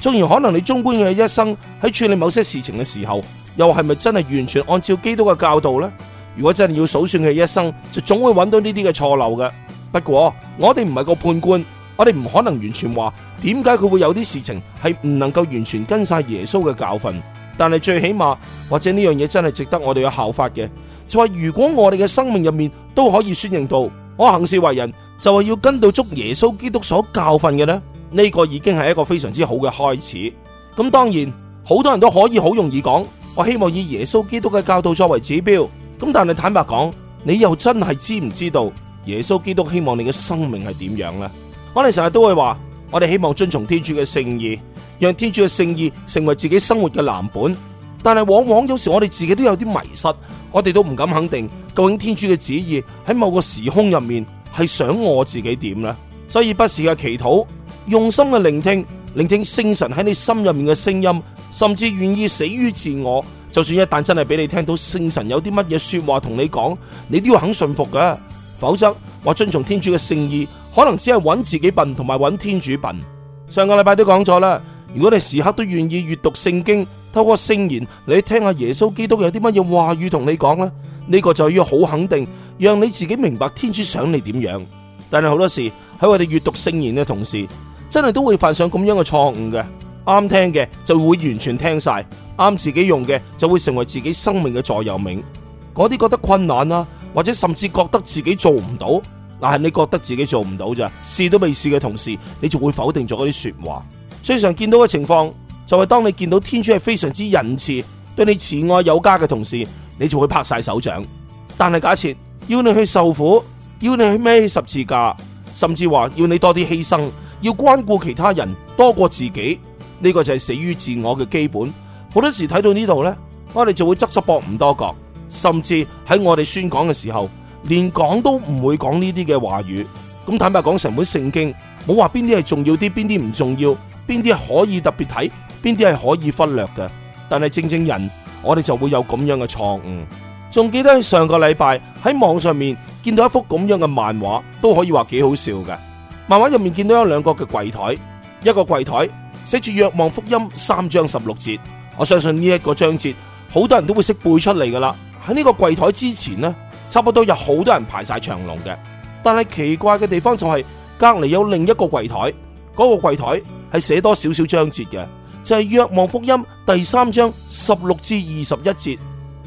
縱然可能你中觀嘅一生喺處理某些事情嘅時候，又係咪真係完全按照基督嘅教導呢？如果真係要數算佢一生，就總會搵到呢啲嘅錯漏嘅。不過我哋唔係個判官，我哋唔可能完全話點解佢會有啲事情係唔能夠完全跟晒耶穌嘅教訓。但係最起碼，或者呢樣嘢真係值得我哋有效法嘅，就係如果我哋嘅生命入面都可以宣認到我行事為人，就係要跟到足耶穌基督所教訓嘅呢。呢個已經係一個非常之好嘅開始。咁當然，好多人都可以好容易講，我希望以耶穌基督嘅教導作為指標。咁但係坦白講，你又真係知唔知道耶穌基督希望你嘅生命係點樣呢？我哋成日都會話，我哋希望遵從天主嘅聖意，讓天主嘅聖意成為自己生活嘅藍本。但係往往有時我哋自己都有啲迷失，我哋都唔敢肯定究竟天主嘅旨意喺某個時空入面係想我自己點呢？所以不時嘅祈禱。用心嘅聆聽，聆聽聖神喺你心入面嘅聲音，甚至願意死於自我。就算一旦真係俾你聽到聖神有啲乜嘢說話同你講，你都要肯信服嘅。否則我遵從天主嘅聖意，可能只係揾自己笨，同埋揾天主笨。上個禮拜都講咗啦，如果你時刻都願意閱讀聖經，透過聖言你聽下耶穌基督有啲乜嘢話語同你講咧，呢、呢個就要好肯定，讓你自己明白天主想你點樣。但係好多時喺我哋閱讀聖言嘅同時，真係都會犯上咁樣嘅錯誤嘅，啱聽嘅就會完全聽晒，啱自己用嘅就會成為自己生命嘅座右銘。嗰啲覺得困難啦，或者甚至覺得自己做唔到，嗱係你覺得自己做唔到咋，試都未試嘅同時，你就會否定咗嗰啲說話。最常見到嘅情況就係當你見到天主係非常之仁慈，對你慈愛有加嘅同時，你就會拍晒手掌。但係假設要你去受苦，要你去孭十字架，甚至話要你多啲犧牲。要關顧其他人多過自己，呢個就係死於自我嘅基本。好多時睇到呢度呢，我哋就會側側膊唔多覺，甚至喺我哋宣講嘅時候，連講都唔會講呢啲嘅話語。咁坦白講，成本聖經冇話邊啲係重要啲，邊啲唔重要，邊啲係可以特別睇，邊啲係可以忽略嘅。但係正正人，我哋就會有咁樣嘅錯誤。仲記得上個禮拜喺網上面見到一幅咁樣嘅漫畫，都可以話幾好笑嘅。漫畫入面見到有兩個嘅櫃台，一個櫃台寫住《若望福音》三章十六節，我相信呢一個章節好多人都會識背出嚟噶啦。喺呢個櫃台之前呢，差不多有好多人排晒長龍嘅。但係奇怪嘅地方就係隔籬有另一個櫃台，嗰個櫃台係寫多少少章節嘅，就係《若望福音》第三章十六至二十一節。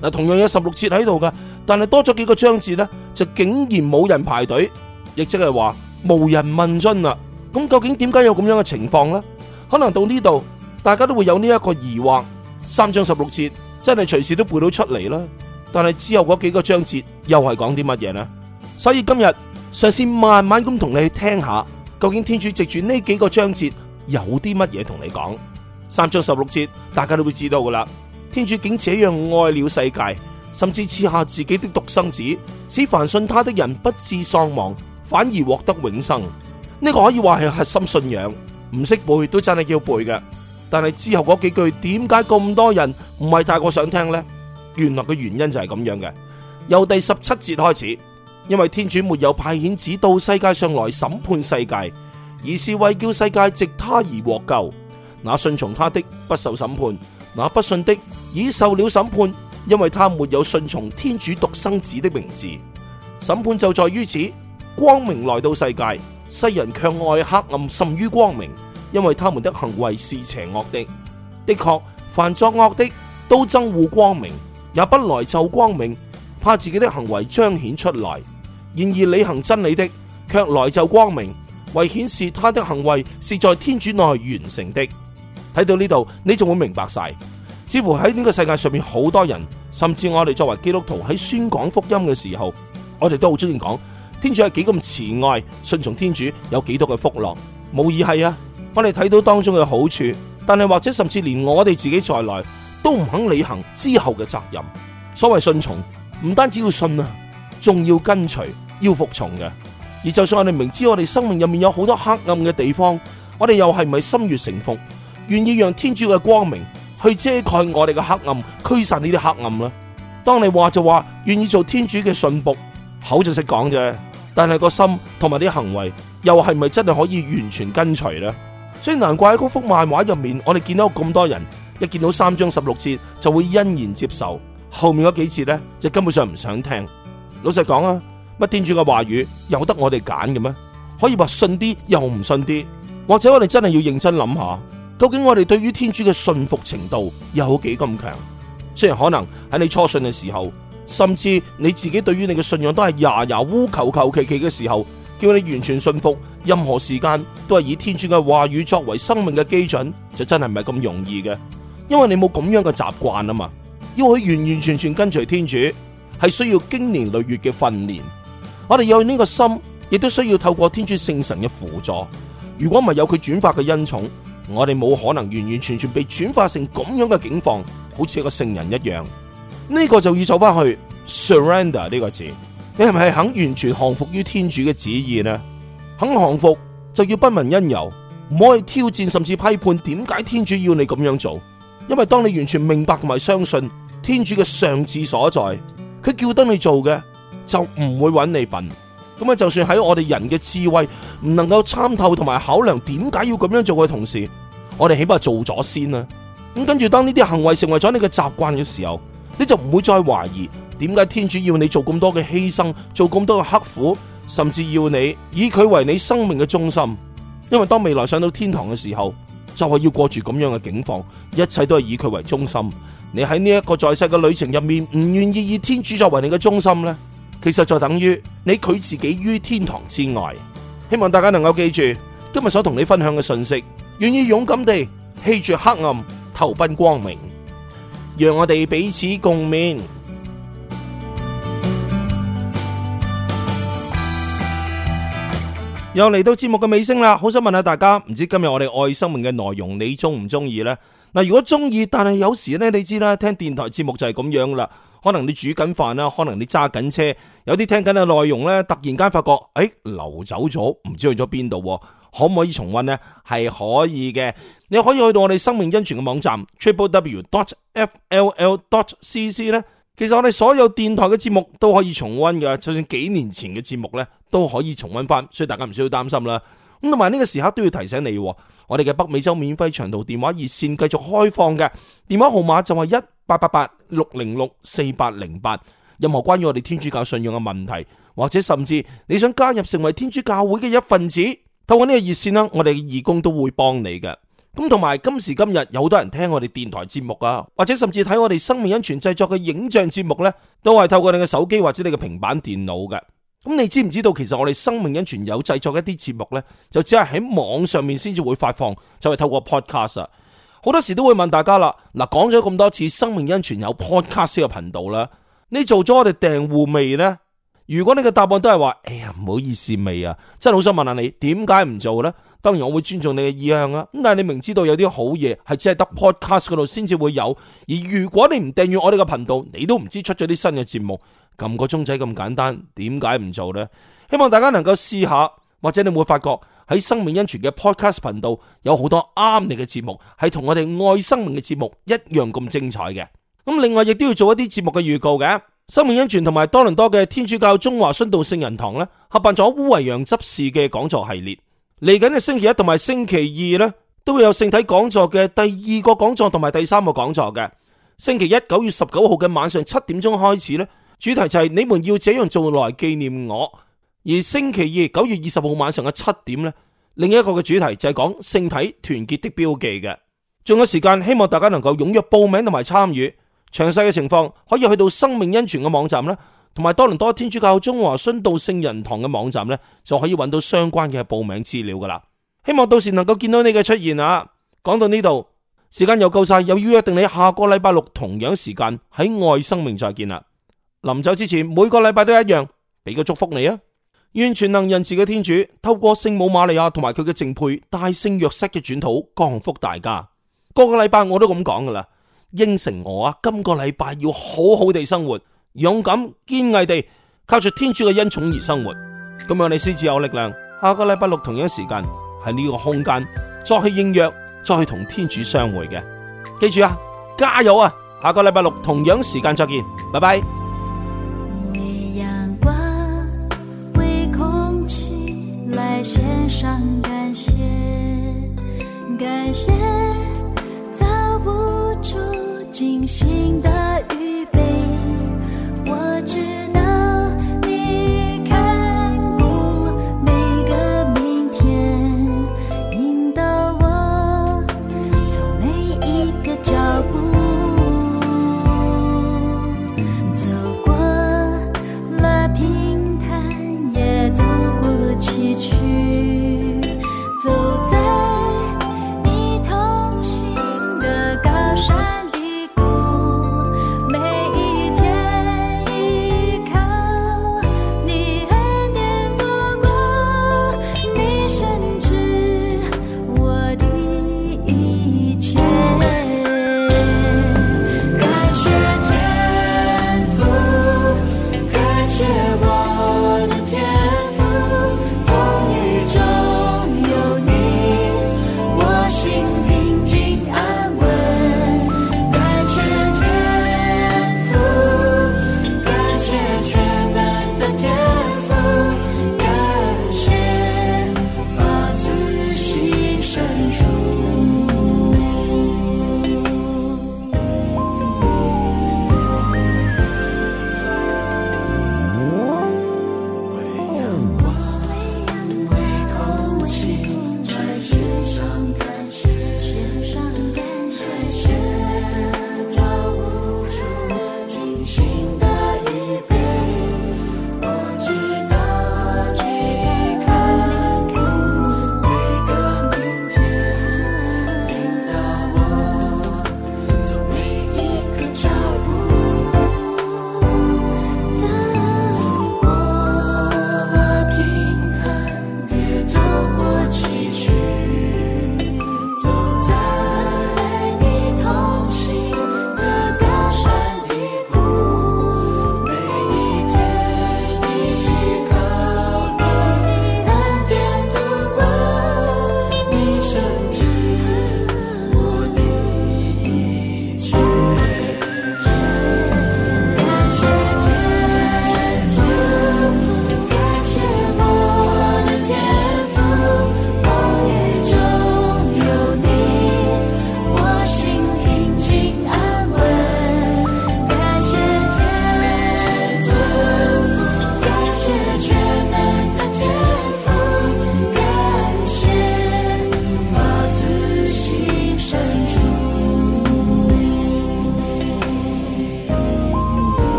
嗱，同樣有十六節喺度噶，但係多咗幾個章節呢，就竟然冇人排隊，亦即係話。無人問津啦、啊，咁究竟點解有咁樣嘅情況呢？可能到呢度，大家都會有呢一個疑惑。三章十六節真係隨時都背到出嚟啦，但係之後嗰幾個章節又係講啲乜嘢呢？所以今日嘗試慢慢咁同你去聽一下，究竟天主藉住呢幾個章節有啲乜嘢同你講？三章十六節，大家都會知道噶啦，天主竟這樣愛了世界，甚至賜下自己的獨生子，使凡信他的人不致喪亡。反而獲得永生。呢個可以話係核心信仰，唔識背都真係叫背嘅。但係之後嗰幾句，點解咁多人唔係太過想聽呢？原來嘅原因就係咁樣嘅。由第十七節開始，因為天主沒有派遣子到世界上來審判世界，而是為叫世界藉他而獲救。那信從他的不受審判，那不信的已受了審判，因為他沒有信從天主獨生子的名字。審判就在於此。光明來到世界，世人卻愛黑暗甚於光明，因為他們的行為是邪惡的。的確，凡作惡的都憎惡光明，也不來就光明，怕自己的行為彰顯出來。然而，履行真理的卻來就光明，為顯示他的行為是在天主內完成的。睇到呢度，你就會明白晒。似乎喺呢個世界上面，好多人，甚至我哋作為基督徒喺宣講福音嘅時候，我哋都好鍾意講。天主係幾咁慈愛，信從天主有幾多嘅福樂，無疑係啊！我哋睇到當中嘅好處，但係或者甚至連我哋自己在內都唔肯履行之後嘅責任。所謂信從，唔單止要信啊，仲要跟隨，要服從嘅。而就算我哋明知我哋生命入面有好多黑暗嘅地方，我哋又係咪心悅誠服，願意讓天主嘅光明去遮蓋我哋嘅黑暗，驅散呢啲黑暗咧？當你話就話，願意做天主嘅信僕，口就識講啫。但係個心同埋啲行為又係咪真係可以完全跟隨呢？所以難怪喺嗰幅漫畫入面，我哋見到咁多人一見到三章十六節就會欣然接受，後面嗰幾節呢，就根本上唔想聽。老實講啊，乜天主嘅話語有得我哋揀嘅咩？可以話信啲又唔信啲，或者我哋真係要認真諗下，究竟我哋對於天主嘅信服程度有幾咁強？雖然可能喺你初信嘅時候。甚至你自己對於你嘅信仰都係牙牙烏求求其其嘅時候，叫你完全信服，任何時間都係以天主嘅話語作為生命嘅基準，就真係唔係咁容易嘅。因為你冇咁樣嘅習慣啊嘛，要去完完全全跟隨天主，係需要經年累月嘅訓練。我哋有呢個心，亦都需要透過天主聖神嘅輔助。如果唔係有佢轉化嘅恩寵，我哋冇可能完完全全被轉化成咁樣嘅境況，好似一個聖人一樣。呢、這個就要走翻去 surrender 呢個字，你係咪肯完全降服於天主嘅旨意呢？肯降服就要不問因由，唔可以挑戰甚至批判點解天主要你咁樣做。因為當你完全明白同埋相信天主嘅上智所在，佢叫得你做嘅就唔會揾你笨。咁啊，就，就算喺我哋人嘅智慧唔能夠參透同埋考量點解要咁樣做嘅同時，我哋起碼做咗先啦。咁跟住，當呢啲行為成為咗你嘅習慣嘅時候。你就唔會再懷疑點解天主要你做咁多嘅犧牲，做咁多嘅刻苦，甚至要你以佢為你生命嘅中心。因為當未來上到天堂嘅時候，就係要過住咁樣嘅境況，一切都係以佢為中心。你喺呢一個在世嘅旅程入面，唔願意以天主作為你嘅中心呢，其實就等於你拒自己於天堂之外。希望大家能夠記住今日所同你分享嘅信息，願意勇敢地棄絕黑暗，投奔光明。讓我哋彼此共勉。又嚟到節目嘅尾聲啦，好想問下大家，唔知今日我哋愛生命嘅內容你中唔中意呢？嗱，如果中意，但係有時呢，你知啦，聽電台節目就係咁樣啦。可能你煮緊飯啦，可能你揸緊車，有啲聽緊嘅內容呢，突然間發覺，誒，流走咗，唔知去咗邊度。可唔可以重溫呢？係可以嘅。你可以去到我哋生命恩泉嘅網站 www.fll.cc 呢，其實我哋所有電台嘅節目都可以重溫嘅，就算幾年前嘅節目呢都可以重溫翻。所以大家唔需要擔心啦。咁同埋呢個時刻都要提醒你，我哋嘅北美洲免費長途電話熱線繼續開放嘅，電話號碼就係一八八八六零六四八零八。任何關於我哋天主教信仰嘅問題，或者甚至你想加入成為天主教會嘅一份子。透過呢個熱線啦，我哋義工都會幫你嘅。咁同埋今時今日有好多人聽我哋電台節目啊，或者甚至睇我哋生命恩泉製作嘅影像節目呢，都係透過你嘅手機或者你嘅平板電腦嘅。咁你知唔知道其實我哋生命恩泉有製作一啲節目呢，就只係喺網上面先至會發放，就係透過 podcast。好多時都會問大家啦，嗱，講咗咁多次生命恩泉有 podcast 嘅頻道啦，你做咗我哋訂戶未呢？」如果你嘅答案都係話，「哎呀，唔好意思未啊？真係好想問下你，點解唔做呢」，當然我會尊重你嘅意向呀。咁但係你明知道有啲好嘢係只係得 podcast 嗰度先至會有，而如果你唔訂閱我哋嘅頻道，你都唔知出咗啲新嘅節目。撳個鐘仔咁簡單，點解唔做呢？希望大家能夠試下，或者你會發覺喺生命恩泉嘅 podcast 頻道有好多啱你嘅節目，係同我哋愛生命嘅節目一樣咁精彩嘅。咁另外亦都要做一啲節目嘅預告嘅。生命恩泉同埋多倫多嘅天主教中華殉道聖人堂咧，合辦咗烏維揚執事嘅講座系列。嚟緊嘅星期一同埋星期二咧，都會有聖體講座嘅第二個講座同埋第三個講座嘅。星期一九月十九號嘅晚上七點鐘開始咧，主題就係你們要這樣做來紀念我。而星期二九月二十號晚上嘅七點咧，另一個嘅主題就係講聖體團結的標記嘅。仲有時間，希望大家能夠踊躍報名同埋參與。詳細嘅情況可以去到生命恩泉嘅網站啦，同埋多倫多天主教中華殉道聖人堂嘅網站咧，就可以揾到相關嘅報名資料噶啦。希望到時能夠見到你嘅出現啊！講到呢度，時間又夠晒，又要約定你下個禮拜六同樣時間喺愛生命再見啦。臨走之前，每個禮拜都一樣，俾個祝福你啊！願全能仁慈嘅天主透過聖母瑪利亞同埋佢嘅淨配大聖若瑟嘅轉土，降福大家。個個禮拜我都咁講噶啦。應承我啊，今個禮拜要好好地生活，勇敢堅毅地靠住天主嘅恩寵而生活。咁樣你先至有力量。下個禮拜六同樣時間喺呢個空間再去應約，再去同天主相會嘅。記住啊，加油啊！下個禮拜六同樣時間再見，拜拜。為陽光，為空氣，來獻上感謝，感謝造不出。精心的預備。